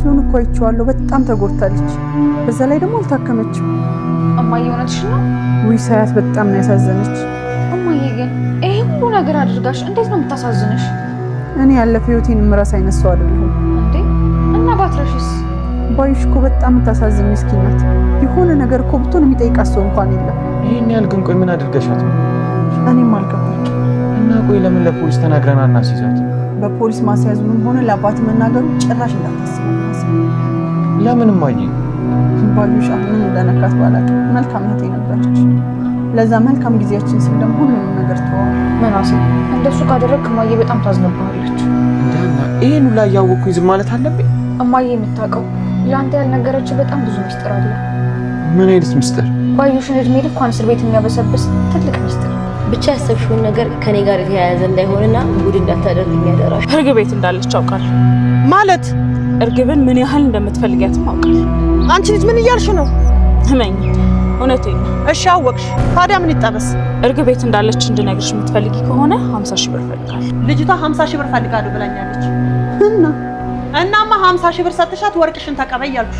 ሲሆን እኮ አይቼዋለሁ። በጣም ተጎድታለች። በዛ ላይ ደግሞ አልታከመችም። እማዬ እውነትሽ ነው? ውይ ሳያት በጣም ነው ያሳዘነች። እማዬ ግን ይሄ ሁሉ ነገር አድርጋሽ እንዴት ነው የምታሳዝንሽ? እኔ ያለፈ ህይወቴን ምራስ አይነሳው አይደለሁም እንዴ? እና ባትረሽስ? ባይሽ እኮ በጣም የምታሳዝን ምስኪን ናት። የሆነ ነገር እኮ ብትሆን የሚጠይቃት ሰው እንኳን የለም። ይህን ያህል ግን ቆይ ምን አድርገሻት ነው? እኔም አልገባኝ እና ቆይ ለምን ለፖሊስ ተናግረን አናስይዛት? በፖሊስ ማስያዙንም ሆነ ለአባት መናገሩ ጭራሽ እንዳታስብ። ለምንም አየ ባዩሽ ምን እንደነካት ባላውቅም መልካም እህቴ ነበረች። ለዛ መልካም ጊዜያችን ስል ደግሞ ሁሉንም ነገር ተወው። መናሴ እንደሱ ካደረግክ እማዬ በጣም ታዝነባለች። ይህን ሁላ እያወቅኩኝ ዝም ማለት አለብኝ? እማዬ የምታውቀው ለአንተ ያልነገረች በጣም ብዙ ሚስጥር አለ። ምን አይነት ሚስጥር? ባዩሽን እድሜ ልኳን እስር ቤት የሚያበሰብስ ትልቅ ሚስጥር ብቻ ያሰብሽውን ነገር ከኔ ጋር የተያያዘ እንዳይሆንና ጉድ እንዳታደርግ የሚያደራሽ እርግ ቤት እንዳለች አውቃለሁ። ማለት እርግብን ምን ያህል እንደምትፈልጊያት ማውቃል። አንቺ ልጅ ምን እያልሽ ነው? እመኝ፣ እውነቴ ነው። እሺ አወቅሽ፣ ታዲያ ምን ይጠበስ? እርግ ቤት እንዳለች እንድነግርሽ የምትፈልጊ ከሆነ ሀምሳ ሺህ ብር ፈልጋለሁ። ልጅቷ ሀምሳ ሺህ ብር ፈልጋለሁ ብላኛለች። እና እናማ ሀምሳ ሺህ ብር ሰጥሻት ወርቅሽን ተቀበይ ነው።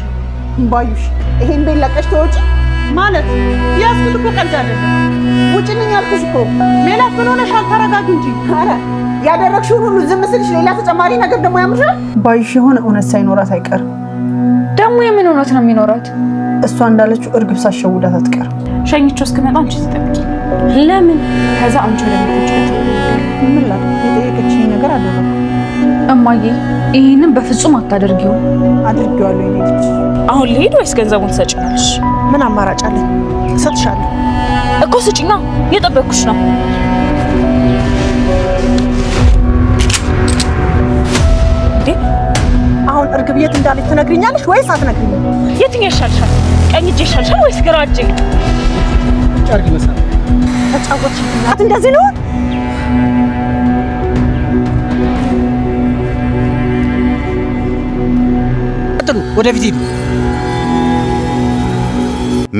ባዩሽ። ይሄን ቤት ለቀሽ ተወጪ ማለት ያስኩት እኮ ቀልድ አይደለም ውጭልኝ አልኩሽ እኮ። ሜላት ምን ሆነሻል? ተረጋጊ እንጂ። ኧረ ያደረግሽውን ሁሉ ዝም ስልሽ ሌላ ተጨማሪ ነገር ደግሞ ያምሻል። ባይሽ የሆነ እውነት ሳይኖራት አይቀርም። ደግሞ የምን እውነት ነው የሚኖራት? እሷ እንዳለችው እርግብ ሳሸውዳት አትቀርም። ሸኝቼው እስክመጣ አንቺ ተጠብቂ። ለምን? ከዛ አንቺ ለምትጭበት ምን ላ የጠየቀችኝ ነገር አደረኩ። እማዬ ይህንን በፍጹም አታደርጊው። አድርጊዋለሁ። ይሄ አሁን ልሄድ ወይስ ገንዘቡን ትሰጪናለሽ? ምን አማራጭ አለኝ? እሰጥሻለሁ እኮ ስጭኛ፣ የጠበኩሽ ነው። አሁን እርግብ የት እንዳለች ትነግሪኛለሽ ወይስ አትነግሪኝም? የትኛው ይሻልሻል? ቀኝ እጄ ይሻልሻል ወይስ ግራ እጄ? ጨርቅ ይመስላል። ተጫወትሽብኝ። እንደዚህ ነው ወደፊት ሂዱ።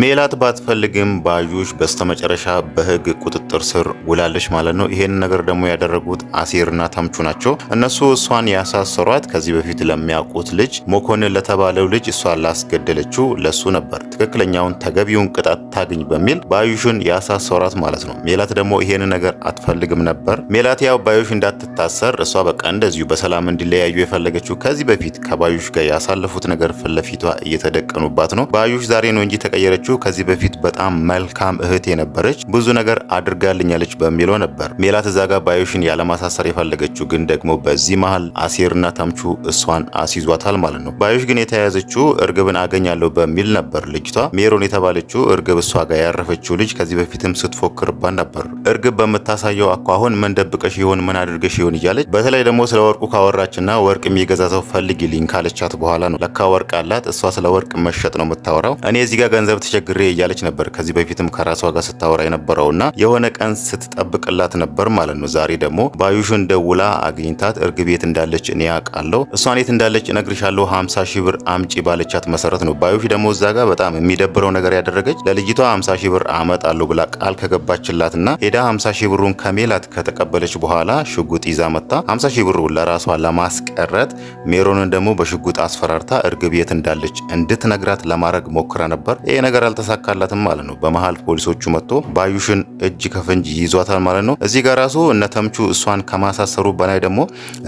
ሜላት ባትፈልግም ባዩሽ በስተመጨረሻ በህግ ቁጥጥር ስር ውላለች ማለት ነው። ይሄን ነገር ደግሞ ያደረጉት አሴርና ተምቹ ናቸው። እነሱ እሷን ያሳሰሯት ከዚህ በፊት ለሚያውቁት ልጅ መኮንን ለተባለው ልጅ እሷን ላስገደለችው ለሱ ነበር ትክክለኛውን ተገቢውን ቅጣት ታግኝ በሚል ባዩሽን ያሳሰሯት ማለት ነው። ሜላት ደግሞ ይሄን ነገር አትፈልግም ነበር። ሜላት ያው ባዩሽ እንዳትታሰር እሷ በቃ እንደዚሁ በሰላም እንዲለያዩ የፈለገችው ከዚህ በፊት ከባዩሽ ጋር ያሳለፉት ነገር ፊት ለፊቷ እየተደቀኑባት ነው። ባዩሽ ዛሬ ነው እንጂ ተቀየረች ያገኘችው ከዚህ በፊት በጣም መልካም እህት የነበረች ብዙ ነገር አድርጋልኛለች በሚለው ነበር። ሜላት እዛ ጋር ባዮሽን ያለማሳሰር የፈለገችው ግን ደግሞ በዚህ መሀል አሴርና ተምቹ እሷን አስይዟታል ማለት ነው። ባዮሽ ግን የተያያዘችው እርግብን አገኛለሁ በሚል ነበር። ልጅቷ ሜሮን የተባለችው እርግብ እሷ ጋር ያረፈችው ልጅ ከዚህ በፊትም ስትፎክርባት ነበር። እርግብ በምታሳየው አኳኋን ምን ደብቀሽ ይሆን ምን አድርገሽ ይሆን እያለች በተለይ ደግሞ ስለ ወርቁ ካወራችና ወርቅ የሚገዛ ሰው ፈልጊልኝ ካለቻት በኋላ ነው ለካ ወርቅ አላት እሷ ስለ ወርቅ መሸጥ ነው የምታወራው። እኔ እዚህ ጋር ገንዘብ ተቸግሬ እያለች ነበር ከዚህ በፊትም ከራሷ ጋር ስታወራ የነበረውና የሆነ ቀን ስትጠብቅላት ነበር ማለት ነው። ዛሬ ደግሞ ባዩሽን ደውላ አግኝታት እርግብ የት እንዳለች እኔ አውቃለሁ፣ እሷን የት እንዳለች እነግርሻለሁ፣ 50 ሺህ ብር አምጪ ባለቻት መሰረት ነው። ባዩሽ ደግሞ እዛ ጋር በጣም የሚደብረው ነገር ያደረገች ለልጅቷ 50 ሺህ ብር አመጣለሁ ብላ ቃል ከገባችላትና ሄዳ 50 ሺህ ብሩን ከሜላት ከተቀበለች በኋላ ሽጉጥ ይዛ መጣ 50 ሺህ ብሩ ለራሷ ለማስቀረት ሜሮንን ደግሞ በሽጉጥ አስፈራርታ እርግብ የት እንዳለች እንድትነግራት ለማድረግ ሞክራ ነበር። ይሄ ነገር ነገር አልተሳካላትም ማለት ነው። በመሀል ፖሊሶቹ መጥቶ ባዩሽን እጅ ከፍንጅ ይዟታል ማለት ነው። እዚህ ጋር ራሱ እነ ተምቹ እሷን ከማሳሰሩ በላይ ደግሞ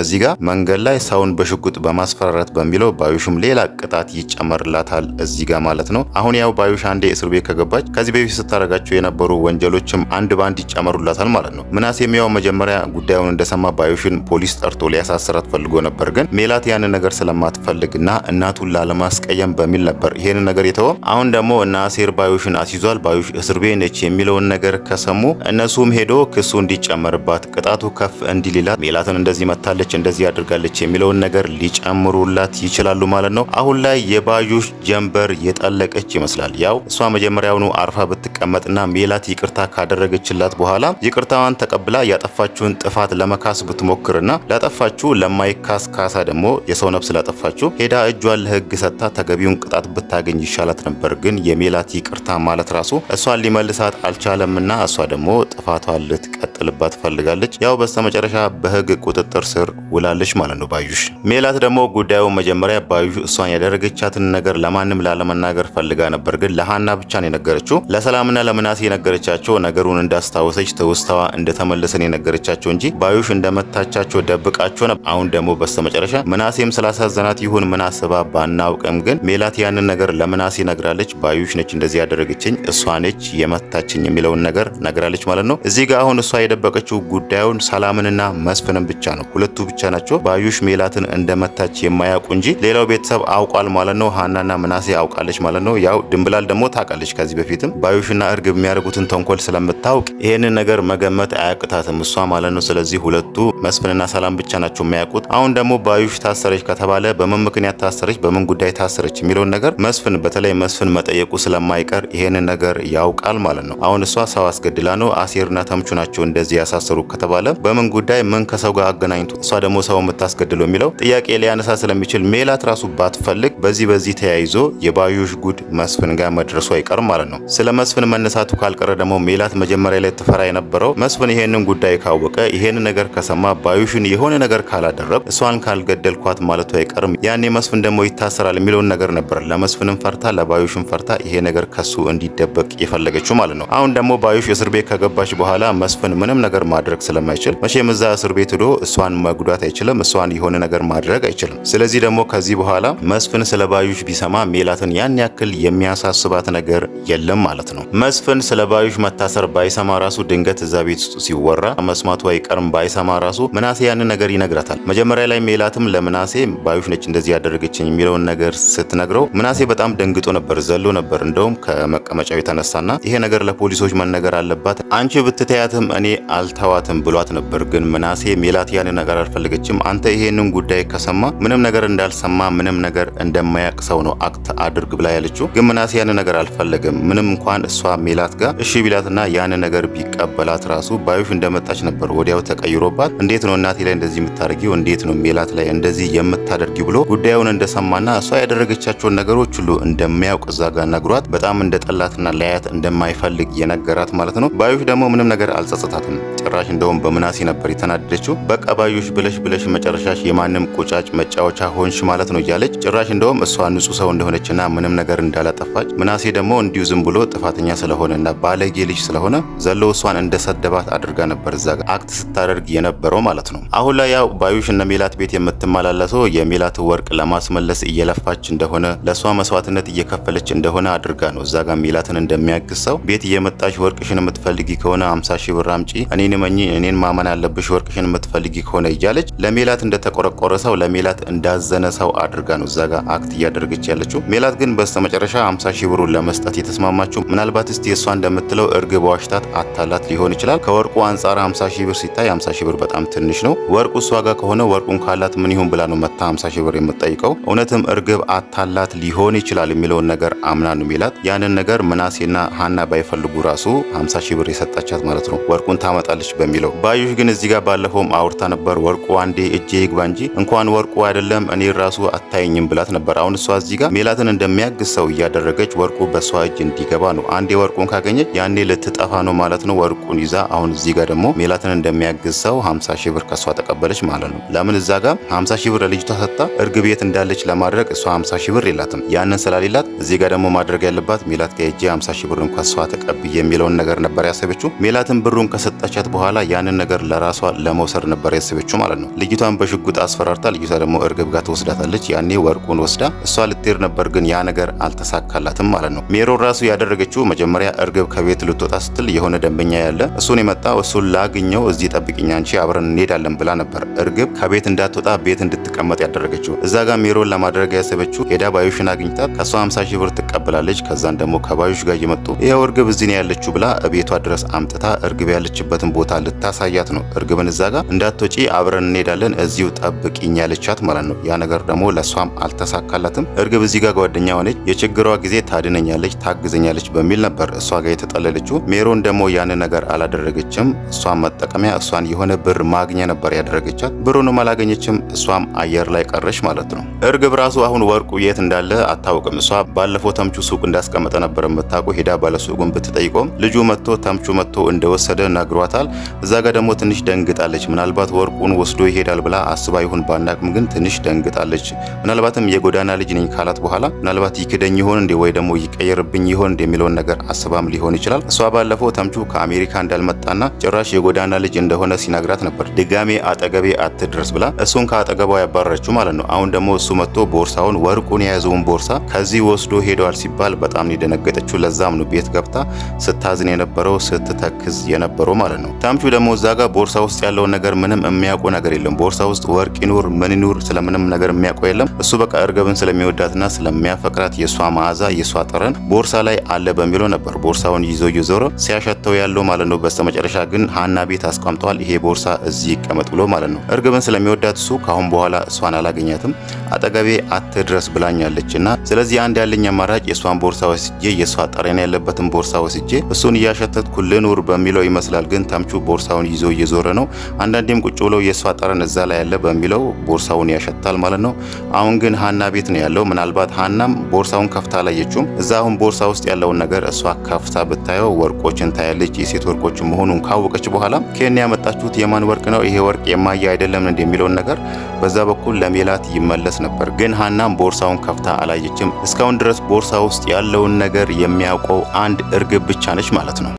እዚህ ጋር መንገድ ላይ ሰውን በሽጉጥ በማስፈራረት በሚለው ባዩሽም ሌላ ቅጣት ይጨመርላታል እዚህ ጋር ማለት ነው። አሁን ያው ባዩሽ አንዴ እስር ቤት ከገባች ከዚህ በፊት ስታደርጋቸው የነበሩ ወንጀሎችም አንድ በአንድ ይጨመሩላታል ማለት ነው። ምናሴም ያው መጀመሪያ ጉዳዩን እንደሰማ ባዩሽን ፖሊስ ጠርቶ ሊያሳስራት ፈልጎ ነበር፣ ግን ሜላት ያንን ነገር ስለማትፈልግና እናቱን ላለማስቀየም በሚል ነበር ይሄንን ነገር የተወ አሁን ደግሞ እና ሴር ባዩሽን አስይዟል። ባዩሽ እስር ቤት ነች የሚለውን ነገር ከሰሙ እነሱም ሄዶ ክሱ እንዲጨመርባት ቅጣቱ ከፍ እንዲልላት ሜላትን እንደዚህ መታለች እንደዚህ አድርጋለች የሚለውን ነገር ሊጨምሩላት ይችላሉ ማለት ነው። አሁን ላይ የባዩሽ ጀንበር የጠለቀች ይመስላል። ያው እሷ መጀመሪያውኑ አርፋ ብትቀመጥና ሜላት ይቅርታ ካደረገችላት በኋላ ይቅርታዋን ተቀብላ ያጠፋችውን ጥፋት ለመካስ ብትሞክርና ላጠፋችሁ ለማይካስ ካሳ ደግሞ የሰው ነፍስ ላጠፋችሁ ሄዳ እጇን ለህግ ሰጥታ ተገቢውን ቅጣት ብታገኝ ይሻላት ነበር ግን የሜ ሌላት ይቅርታ ማለት ራሱ እሷን ሊመልሳት አልቻለምና እሷ ደግሞ ጥፋቷን ልትቀጥልባት ፈልጋለች። ያው በስተመጨረሻ በህግ ቁጥጥር ስር ውላለች ማለት ነው ባዩሽ። ሜላት ደግሞ ጉዳዩ መጀመሪያ ባዩሽ እሷን ያደረገቻትን ነገር ለማንም ላለመናገር ፈልጋ ነበር፣ ግን ለሀና ብቻ ነው የነገረችው። ለሰላምና ለምናሴ የነገረቻቸው ነገሩን እንዳስታወሰች ትውስታዋ እንደተመለሰን የነገረቻቸው እንጂ ባዩሽ እንደመታቻቸው ደብቃቸው ነበር። አሁን ደግሞ በስተመጨረሻ ምናሴም ስላሳዘናት ይሁን ምን አስባ ባናውቅም፣ ግን ሜላት ያንን ነገር ለምናሴ ነግራለች። ባዩሽ ነች እንደዚህ ያደረገችኝ እሷ ነች የመታችኝ የሚለውን ነገር ነግራለች ማለት ነው። እዚህ ጋር አሁን እሷ የደበቀችው ጉዳዩን ሰላምንና መስፍንን ብቻ ነው። ሁለቱ ብቻ ናቸው ባዩሽ ሜላትን እንደመታች የማያውቁ እንጂ ሌላው ቤተሰብ አውቋል ማለት ነው። ሀናና ምናሴ አውቃለች ማለት ነው። ያው ድንብላል ደግሞ ታውቃለች። ከዚህ በፊትም ባዩሽና እርግብ የሚያደርጉትን ተንኮል ስለምታውቅ ይህንን ነገር መገመት አያቅታትም እሷ ማለት ነው። ስለዚህ ሁለቱ መስፍንና ሰላም ብቻ ናቸው የሚያውቁት። አሁን ደግሞ ባዩሽ ታሰረች ከተባለ በምን ምክንያት ታሰረች፣ በምን ጉዳይ ታሰረች የሚለውን ነገር መስፍን በተለይ መስፍን መጠየቁ ስለማይቀር ይሄንን ነገር ያውቃል ማለት ነው። አሁን እሷ ሰው አስገድላ ነው አሴርና ተምቹ ናቸው እንደዚህ ያሳሰሩ ከተባለ በምን ጉዳይ ምን ከሰው ጋር አገናኝቶ እሷ ደግሞ ሰው የምታስገድለው የሚለው ጥያቄ ሊያነሳ ስለሚችል ሜላት ራሱ ባትፈልግ በዚህ በዚህ ተያይዞ የባዩሽ ጉድ መስፍን ጋር መድረሱ አይቀርም ማለት ነው። ስለ መስፍን መነሳቱ ካልቀረ ደግሞ ሜላት መጀመሪያ ላይ ትፈራ የነበረው መስፍን ይሄንን ጉዳይ ካወቀ ይሄን ነገር ከሰማ ባዩሽን የሆነ ነገር ካላደረግ እሷን ካልገደልኳት ማለቱ አይቀርም ያኔ መስፍን ደግሞ ይታሰራል የሚለውን ነገር ነበር ለመስፍንም ፈርታ ለባዩሽን ፈርታ ይሄ ነገር ከሱ እንዲደበቅ የፈለገችው ማለት ነው። አሁን ደግሞ ባዩሽ እስር ቤት ከገባች በኋላ መስፍን ምንም ነገር ማድረግ ስለማይችል መቼም እዛ እስር ቤት ሄዶ እሷን መጉዳት አይችልም፣ እሷን የሆነ ነገር ማድረግ አይችልም። ስለዚህ ደግሞ ከዚህ በኋላ መስፍን ስለ ባዩሽ ቢሰማ ሜላትን ያን ያክል የሚያሳስባት ነገር የለም ማለት ነው። መስፍን ስለ ባዩሽ መታሰር ባይሰማ ራሱ ድንገት እዛ ቤት ውስጥ ሲወራ መስማቱ አይቀርም። ባይሰማ ራሱ ምናሴ ያንን ነገር ይነግራታል። መጀመሪያ ላይ ሜላትም ለምናሴ ባዩሽ ነች እንደዚህ ያደረገችኝ የሚለውን ነገር ስትነግረው ምናሴ በጣም ደንግጦ ነበር፣ ዘሎ ነበር እንደውም ከመቀመጫው የተነሳና ይሄ ነገር ለፖሊሶች መነገር አለባት፣ አንቺ ብትተያትም እኔ አልተዋትም ብሏት ነበር። ግን ምናሴ ሜላት ያን ነገር አልፈለገችም። አንተ ይሄንን ጉዳይ ከሰማ ምንም ነገር እንዳልሰማ ምንም ነገር እንደማያቅ ሰው ነው አክት አድርግ ብላ ያለችው። ግን ምናሴ ያን ነገር አልፈለገም። ምንም እንኳን እሷ ሜላት ጋር እሺ ቢላትና ያን ነገር ቢቀበላት ራሱ ባዩሽ እንደመጣች ነበር ወዲያው ተቀይሮባት፣ እንዴት ነው እናቴ ላይ እንደዚህ የምታደርጊው? እንዴት ነው ሜላት ላይ እንደዚህ የምታደርጊው? ብሎ ጉዳዩን እንደሰማና እሷ ያደረገቻቸውን ነገሮች ሁሉ እንደሚያውቅ እዛ ጋር ነግሮ ነግሯት በጣም እንደ ጠላትና ለያት እንደማይፈልግ የነገራት ማለት ነው። ባዩሽ ደግሞ ምንም ነገር አልጸጸታትም። ጭራሽ እንደውም በምናሴ ነበር የተናደደችው። በቃ ባዩሽ ብለሽ ብለሽ መጨረሻሽ የማንም ቁጫጭ መጫወቻ ሆንሽ ማለት ነው እያለች ጭራሽ እንደውም እሷ ንጹህ ሰው እንደሆነችና ምንም ነገር እንዳላጠፋች ምናሴ ደግሞ እንዲሁ ዝም ብሎ ጥፋተኛ ስለሆነና ባለጌ ልጅ ስለሆነ ዘሎ እሷን እንደሰደባት አድርጋ ነበር እዛ ጋር አክት ስታደርግ የነበረው ማለት ነው። አሁን ላይ ያው ባዩሽ እነ ሜላት ቤት የምትመላለሰው የሜላት ወርቅ ለማስመለስ እየለፋች እንደሆነ ለእሷ መስዋዕትነት እየከፈለች እንደሆነ አድርጋ ነው እዛ ጋር ሚላትን እንደሚያግሰው ሰው ቤት እየመጣሽ ወርቅሽን የምትፈልጊ ከሆነ 50 ሺህ ብር አምጪ፣ እኔን መኝ እኔን ማመን አለብሽ ወርቅሽን የምትፈልጊ ከሆነ እያለች ለሜላት እንደተቆረቆረ ሰው ለሜላት እንዳዘነ ሰው አድርጋ ነው እዛ ጋር አክት እያደረገች ያለችው። ሜላት ግን በስተመጨረሻ አምሳ ሺህ ብሩን ለመስጠት የተስማማችው ምናልባት እስቲ እሷ እንደምትለው እርግብ ዋሽታት አታላት ሊሆን ይችላል። ከወርቁ አንጻር 50 ሺህ ብር ሲታይ 50 ሺህ ብር በጣም ትንሽ ነው። ወርቁ እሷ ጋር ከሆነ ወርቁን ካላት ምን ይሁን ብላ ነው መታ 50 ሺህ ብር የምትጠይቀው። እውነትም እርግብ አታላት ሊሆን ይችላል የሚለውን ነገር አምና ነው ቢላት ያንን ነገር ምናሴና ሀና ባይፈልጉ ራሱ 50 ሺህ ብር የሰጣቻት ማለት ነው ወርቁን ታመጣለች በሚለው ባዩሽ ግን እዚህ ጋር ባለፈውም አውርታ ነበር። ወርቁ አንዴ እጄ ይግባ እንጂ እንኳን ወርቁ አይደለም እኔ ራሱ አታየኝም ብላት ነበር። አሁን እሷ እዚህ ጋር ሜላትን እንደሚያግዝ ሰው እያደረገች ወርቁ በእሷ እጅ እንዲገባ ነው። አንዴ ወርቁን ካገኘች ያኔ ልትጠፋ ነው ማለት ነው። ወርቁን ይዛ አሁን እዚህ ጋር ደግሞ ሜላትን እንደሚያግዝ ሰው 50 ሺህ ብር ከእሷ ተቀበለች ማለት ነው። ለምን እዛ ጋር 50 ሺህ ብር ለልጅቷ ሰጣ እርግ ቤት እንዳለች ለማድረግ እሷ 50 ሺህ ብር የላትም። ያንን ስላሌላት እዚህ ጋር ደግሞ ማድረግ ማድረግ ያለባት ሜላት ከእጄ 50 ሺህ ብር እንኳ እሷ ተቀብዬ የሚለውን ነገር ነበር ያሰበችው። ሜላትን ብሩን ከሰጠቻት በኋላ ያንን ነገር ለራሷ ለመውሰድ ነበር ያሰበችው ማለት ነው። ልጅቷን በሽጉጥ አስፈራርታ፣ ልጅቷ ደግሞ እርግብ ጋር ትወስዳታለች። ያኔ ወርቁን ወስዳ እሷ ልትሄድ ነበር፣ ግን ያ ነገር አልተሳካላትም ማለት ነው። ሜሮን ራሱ ያደረገችው መጀመሪያ እርግብ ከቤት ልትወጣ ስትል የሆነ ደንበኛ ያለ እሱን የመጣ እሱን ላግኘው እዚህ ጠብቅኛ አንቺ አብረን እንሄዳለን ብላ ነበር እርግብ ከቤት እንዳትወጣ ቤት እንድትቀመጥ ያደረገችው። እዛ ጋር ሜሮን ለማድረግ ያሰበችው ሄዳ ባዩሽን አግኝታት ከእሷ 50 ሺህ ብር ትቀበላለች። ከዛን ደግሞ ከባዮች ጋር እየመጡ ይኸው እርግብ እዚህ ነው ያለችው ብላ ቤቷ ድረስ አምጥታ እርግብ ያለችበትን ቦታ ልታሳያት ነው። እርግብን እዛ ጋር እንዳትወጪ አብረን እንሄዳለን እዚሁ ጠብቂኝ ያለቻት ማለት ነው። ያ ነገር ደግሞ ለእሷም አልተሳካላትም። እርግብ እዚህ ጋር ጓደኛ ሆነች። የችግሯ ጊዜ ታድነኛለች፣ ታግዘኛለች በሚል ነበር እሷ ጋር የተጠለለችው። ሜሮን ደግሞ ያንን ነገር አላደረገችም። እሷን መጠቀሚያ፣ እሷን የሆነ ብር ማግኘ ነበር ያደረገቻት። ብሩንም አላገኘችም፣ እሷም አየር ላይ ቀረች ማለት ነው። እርግብ ራሱ አሁን ወርቁ የት እንዳለ አታውቅም። እሷ ባለፈው ተምቹ ሱቅ እንዳስቀመጠ ነበር የምታውቀው። ሄዳ ባለሱቁን ብትጠይቆም ልጁ መጥቶ ተምቹ መጥቶ እንደወሰደ ነግሯታል። እዛ ጋር ደግሞ ትንሽ ደንግጣለች። ምናልባት ወርቁን ወስዶ ይሄዳል ብላ አስባ ይሁን ባናቅም፣ ግን ትንሽ ደንግጣለች። ምናልባትም የጎዳና ልጅ ነኝ ካላት በኋላ ምናልባት ይክደኝ ይሆን እንዴ ወይ ደግሞ ይቀየርብኝ ይሆን እንዴ የሚለውን ነገር አስባም ሊሆን ይችላል። እሷ ባለፈው ተምቹ ከአሜሪካ እንዳልመጣና ጭራሽ የጎዳና ልጅ እንደሆነ ሲነግራት ነበር። ድጋሜ አጠገቤ አትድረስ ብላ እሱን ከአጠገቧ ያባረረችው ማለት ነው። አሁን ደግሞ እሱ መጥቶ ቦርሳውን ወርቁን የያዘውን ቦርሳ ከዚህ ወስዶ ሄደዋል ሞቷል ሲባል በጣም የደነገጠችው። ለዛም ነው ቤት ገብታ ስታዝን የነበረው ስትተክዝ የነበረው ማለት ነው። ታምቹ ደግሞ እዛ ጋር ቦርሳ ውስጥ ያለውን ነገር ምንም የሚያውቁ ነገር የለም። ቦርሳ ውስጥ ወርቅ ይኑር ምን ይኑር ስለምንም ነገር የሚያውቁ የለም። እሱ በቃ እርግብን ስለሚወዳትና ስለሚያፈቅራት የእሷ መዓዛ የእሷ ጠረን ቦርሳ ላይ አለ በሚለው ነበር ቦርሳውን ይዞ እየዞረ ሲያሸተው ያለው ማለት ነው። በስተመጨረሻ ግን ሀና ቤት አስቀምጠዋል። ይሄ ቦርሳ እዚህ ይቀመጥ ብሎ ማለት ነው። እርግብን ስለሚወዳት እሱ ካሁን በኋላ እሷን አላገኛትም አጠገቤ አትድረስ ብላኛለች እና ስለዚህ አንድ ያለኝ አማራጭ አማራጭ የእሷን ቦርሳ ወስጄ የእሷ ጠረን ያለበትን ቦርሳ ወስጄ እሱን እያሸተትኩ ልኑር በሚለው ይመስላል። ግን ተምቹ ቦርሳውን ይዞ እየዞረ ነው። አንዳንዴም ቁጭ ብለው የእሷ ጠረን እዛ ላይ ያለ በሚለው ቦርሳውን ያሸታል ማለት ነው። አሁን ግን ሀና ቤት ነው ያለው። ምናልባት ሀናም ቦርሳውን ከፍታ አላየችውም። እዛ አሁን ቦርሳ ውስጥ ያለውን ነገር እሷ ከፍታ ብታየው ወርቆችን ታያለች። የሴት ወርቆች መሆኑን ካወቀች በኋላ ኬን ያመጣችሁት የማን ወርቅ ነው ይሄ ወርቅ የማየ አይደለም እንደሚለውን ነገር በዛ በኩል ለሜላት ይመለስ ነበር። ግን ሀናም ቦርሳውን ከፍታ አላየችም። እስካሁን ድረስ ቦርሳ ውስጥ ያለውን ነገር የሚያውቀው አንድ እርግብ ብቻ ነች ማለት ነው።